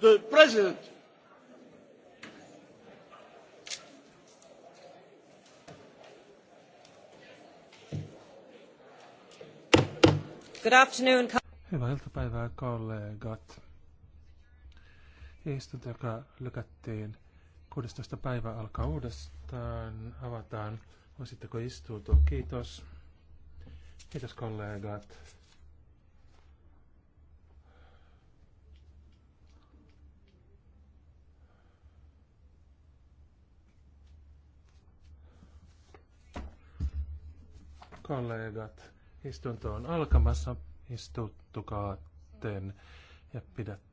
the president. Good afternoon. Hyvää iltapäivää kollegat. Istunto, joka lykättiin 16. päivä alkaa uudestaan. Avataan. Voisitteko istua? Kiitos. Kiitos kollegat. Kollegat, istunto on alkamassa. Istuttukaaten ja pidät